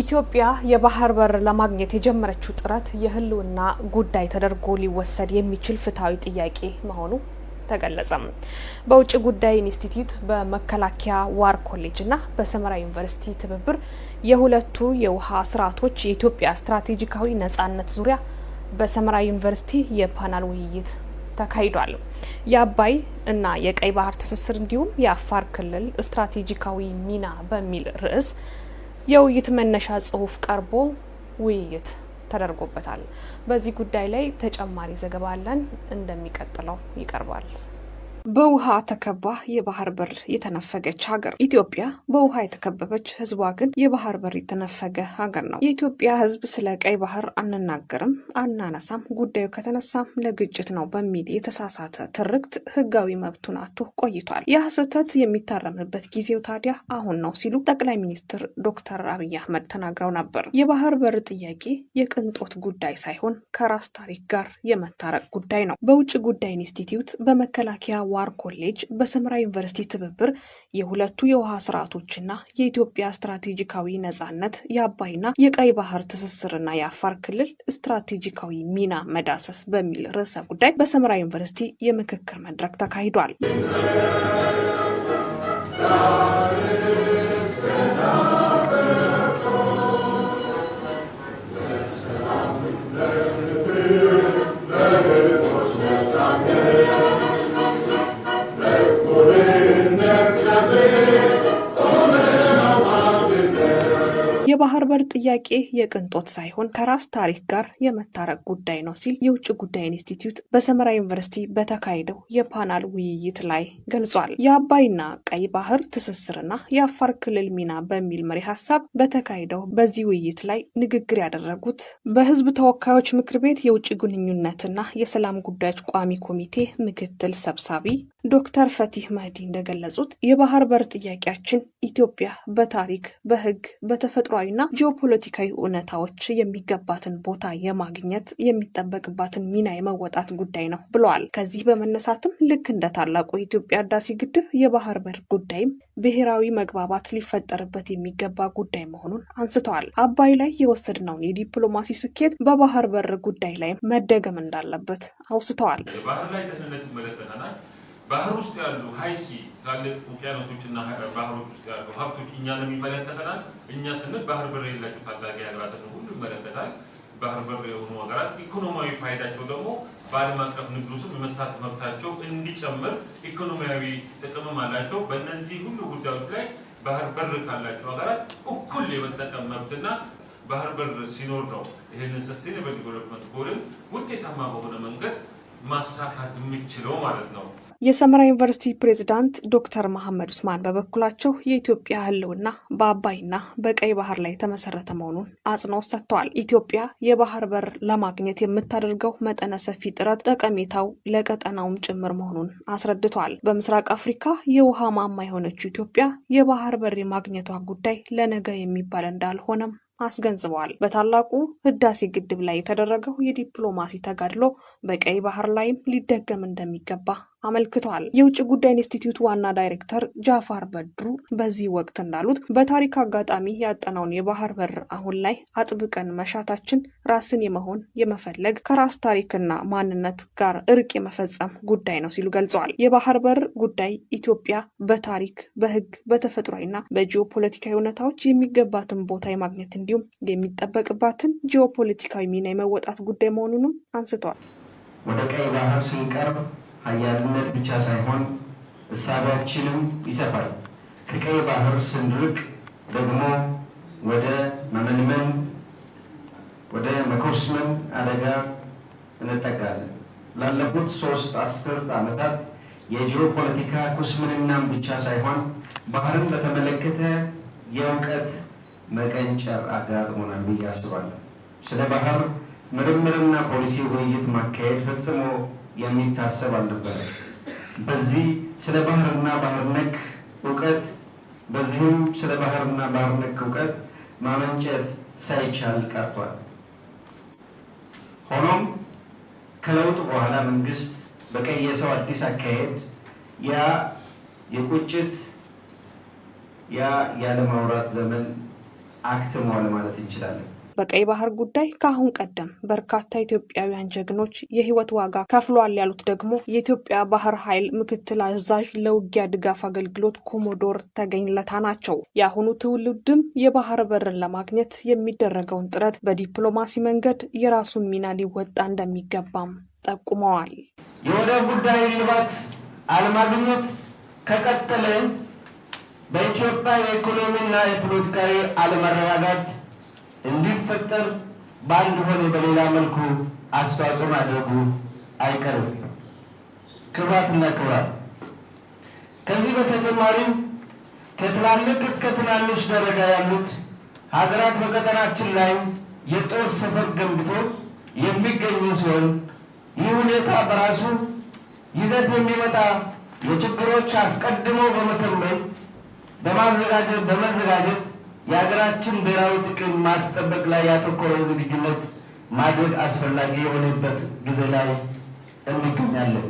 ኢትዮጵያ የባህር በር ለማግኘት የጀመረችው ጥረት የህልውና ጉዳይ ተደርጎ ሊወሰድ የሚችል ፍትሐዊ ጥያቄ መሆኑ ተገለጸም። በውጭ ጉዳይ ኢንስቲትዩት በመከላከያ ዋር ኮሌጅና በሰመራ ዩኒቨርሲቲ ትብብር የሁለቱ የውሃ ስርዓቶች የኢትዮጵያ ስትራቴጂካዊ ነጻነት ዙሪያ በሰመራ ዩኒቨርሲቲ የፓናል ውይይት ተካሂዷል። የአባይ እና የቀይ ባህር ትስስር እንዲሁም የአፋር ክልል ስትራቴጂካዊ ሚና በሚል ርዕስ የውይይት መነሻ ጽሁፍ ቀርቦ ውይይት ተደርጎበታል። በዚህ ጉዳይ ላይ ተጨማሪ ዘገባ አለን፣ እንደሚቀጥለው ይቀርባል። በውሃ ተከባ የባህር በር የተነፈገች ሀገር ኢትዮጵያ በውሃ የተከበበች ህዝቧ ግን የባህር በር የተነፈገ ሀገር ነው። የኢትዮጵያ ህዝብ ስለ ቀይ ባህር አንናገርም፣ አናነሳም፣ ጉዳዩ ከተነሳም ለግጭት ነው በሚል የተሳሳተ ትርክት ህጋዊ መብቱን አቶ ቆይቷል። ያ ስህተት የሚታረምበት ጊዜው ታዲያ አሁን ነው ሲሉ ጠቅላይ ሚኒስትር ዶክተር አብይ አህመድ ተናግረው ነበር። የባህር በር ጥያቄ የቅንጦት ጉዳይ ሳይሆን ከራስ ታሪክ ጋር የመታረቅ ጉዳይ ነው። በውጭ ጉዳይ ኢንስቲትዩት በመከላከያ ዋር ኮሌጅ በሰምራ ዩኒቨርሲቲ ትብብር የሁለቱ የውሃ ስርዓቶችና የኢትዮጵያ ስትራቴጂካዊ ነጻነት የአባይና የቀይ ባህር ትስስርና የአፋር ክልል ስትራቴጂካዊ ሚና መዳሰስ በሚል ርዕሰ ጉዳይ በሰምራ ዩኒቨርሲቲ የምክክር መድረክ ተካሂዷል። የባህር በር ጥያቄ የቅንጦት ሳይሆን ከራስ ታሪክ ጋር የመታረቅ ጉዳይ ነው ሲል የውጭ ጉዳይ ኢንስቲትዩት በሰመራ ዩኒቨርሲቲ በተካሄደው የፓናል ውይይት ላይ ገልጿል። የአባይና ቀይ ባህር ትስስርና የአፋር ክልል ሚና በሚል መሪ ሀሳብ በተካሄደው በዚህ ውይይት ላይ ንግግር ያደረጉት በሕዝብ ተወካዮች ምክር ቤት የውጭ ግንኙነትና የሰላም ጉዳዮች ቋሚ ኮሚቴ ምክትል ሰብሳቢ ዶክተር ፈቲህ መህዲ እንደገለጹት የባህር በር ጥያቄያችን ኢትዮጵያ በታሪክ በሕግ በተፈጥሮ ማህበራዊና ጂኦፖለቲካዊ እውነታዎች የሚገባትን ቦታ የማግኘት የሚጠበቅባትን ሚና የመወጣት ጉዳይ ነው ብለዋል። ከዚህ በመነሳትም ልክ እንደ ታላቁ የኢትዮጵያ ህዳሴ ግድብ የባህር በር ጉዳይም ብሔራዊ መግባባት ሊፈጠርበት የሚገባ ጉዳይ መሆኑን አንስተዋል። አባይ ላይ የወሰድነውን የዲፕሎማሲ ስኬት በባህር በር ጉዳይ ላይም መደገም እንዳለበት አውስተዋል። ባህር ላይ ደህንነት ይመለከተናል። ባህር ውስጥ ያሉ ሀይሲ ትላልቅ ውቅያኖሶችና ባህሮች ውስጥ ያሉ ሀብቶች እኛንም ይመለከተናል። እኛ ስንል ባህር በር የሌላቸው ታዳጊ ሀገራትን ሁሉ ይመለከታል። ባህር በር የሆኑ ሀገራት ኢኮኖሚያዊ ፋይዳቸው ደግሞ በዓለም አቀፍ ንግዱ ስም የመሳተፍ መብታቸው እንዲጨምር ኢኮኖሚያዊ ጥቅምም አላቸው። በእነዚህ ሁሉ ጉዳዮች ላይ ባህር በር ካላቸው ሀገራት እኩል የመጠቀም መብትና ባህር በር ሲኖር ነው ይህንን ሰስቴናብል ዲቨሎፕመንት ጎልን ውጤታማ በሆነ መንገድ ማሳካት የምችለው ማለት ነው። የሰመራ ዩኒቨርሲቲ ፕሬዝዳንት ዶክተር መሐመድ ኡስማን በበኩላቸው የኢትዮጵያ ህልውና በአባይና በቀይ ባህር ላይ የተመሰረተ መሆኑን አጽንኦት ሰጥተዋል። ኢትዮጵያ የባህር በር ለማግኘት የምታደርገው መጠነ ሰፊ ጥረት ጠቀሜታው ለቀጠናውም ጭምር መሆኑን አስረድተዋል። በምስራቅ አፍሪካ የውሃ ማማ የሆነችው ኢትዮጵያ የባህር በር የማግኘቷ ጉዳይ ለነገ የሚባል እንዳልሆነም አስገንዝበዋል። በታላቁ ህዳሴ ግድብ ላይ የተደረገው የዲፕሎማሲ ተጋድሎ በቀይ ባህር ላይም ሊደገም እንደሚገባ አመልክቷል። የውጭ ጉዳይ ኢንስቲትዩት ዋና ዳይሬክተር ጃፋር በድሩ በዚህ ወቅት እንዳሉት በታሪክ አጋጣሚ ያጠናውን የባህር በር አሁን ላይ አጥብቀን መሻታችን ራስን የመሆን የመፈለግ ከራስ ታሪክና ማንነት ጋር እርቅ የመፈጸም ጉዳይ ነው ሲሉ ገልጸዋል። የባህር በር ጉዳይ ኢትዮጵያ በታሪክ በህግ በተፈጥሯዊና በጂኦፖለቲካዊ እውነታዎች የሚገባትን ቦታ የማግኘት እንዲሁም የሚጠበቅባትን ጂኦፖለቲካዊ ሚና የመወጣት ጉዳይ መሆኑንም አንስተዋል። ወደ ቀይ ባህር ሲቀርብ አያልነት ብቻ ሳይሆን እሳቢያችንም ይሰፋል። ከቀይ ባህር ስንርቅ ደግሞ ወደ መመንመን ወደ መኮስመን አደጋ እንጠጋለን። ላለፉት ሶስት አስርት ዓመታት የጂኦፖለቲካ ፖለቲካ ኩስምንናም ብቻ ሳይሆን ባህርን በተመለከተ የእውቀት መቀንጨር አጋጥሞናል ብዬ አስባለሁ። ስለ ባህር ምርምርና ፖሊሲ ውይይት ማካሄድ ፈጽሞ የሚታሰብ አልነበረ። በዚህ ስለ ባህርና ባህር ነክ እውቀት በዚህም ስለ ባህርና ባህር ነክ እውቀት ማመንጨት ሳይቻል ቀርቷል። ሆኖም ከለውጥ በኋላ መንግስት በቀየሰው አዲስ አካሄድ ያ የቁጭት ያ ያለማውራት ዘመን አክትሟል ማለት እንችላለን። በቀይ ባህር ጉዳይ ከአሁን ቀደም በርካታ ኢትዮጵያውያን ጀግኖች የህይወት ዋጋ ከፍሏል ያሉት ደግሞ የኢትዮጵያ ባህር ኃይል ምክትል አዛዥ ለውጊያ ድጋፍ አገልግሎት ኮሞዶር ተገኝለታ ናቸው። የአሁኑ ትውልድም የባህር በርን ለማግኘት የሚደረገውን ጥረት በዲፕሎማሲ መንገድ የራሱን ሚና ሊወጣ እንደሚገባም ጠቁመዋል። የወደብ ጉዳይ እልባት አለማግኘት ከቀጠለ በኢትዮጵያ የኢኮኖሚና የፖለቲካዊ አለመረጋጋት እንዲፈጠር በአንድ ሆነ በሌላ መልኩ አስተዋጽኦ ማድረጉ አይቀርም። ክብራትና ክብራት ከዚህ በተጨማሪም ከትላልቅ እስከ ትናንሽ ደረጃ ያሉት ሀገራት በቀጠናችን ላይ የጦር ሰፈር ገንብቶ የሚገኙ ሲሆን ይህ ሁኔታ በራሱ ይዘት የሚመጣ የችግሮች አስቀድሞ በመተመን በማዘጋጀት በመዘጋጀት የሀገራችን ብሔራዊ ጥቅም ማስጠበቅ ላይ ያተኮረው ዝግጁነት ማድረግ አስፈላጊ የሆነበት ጊዜ ላይ እንገኛለን።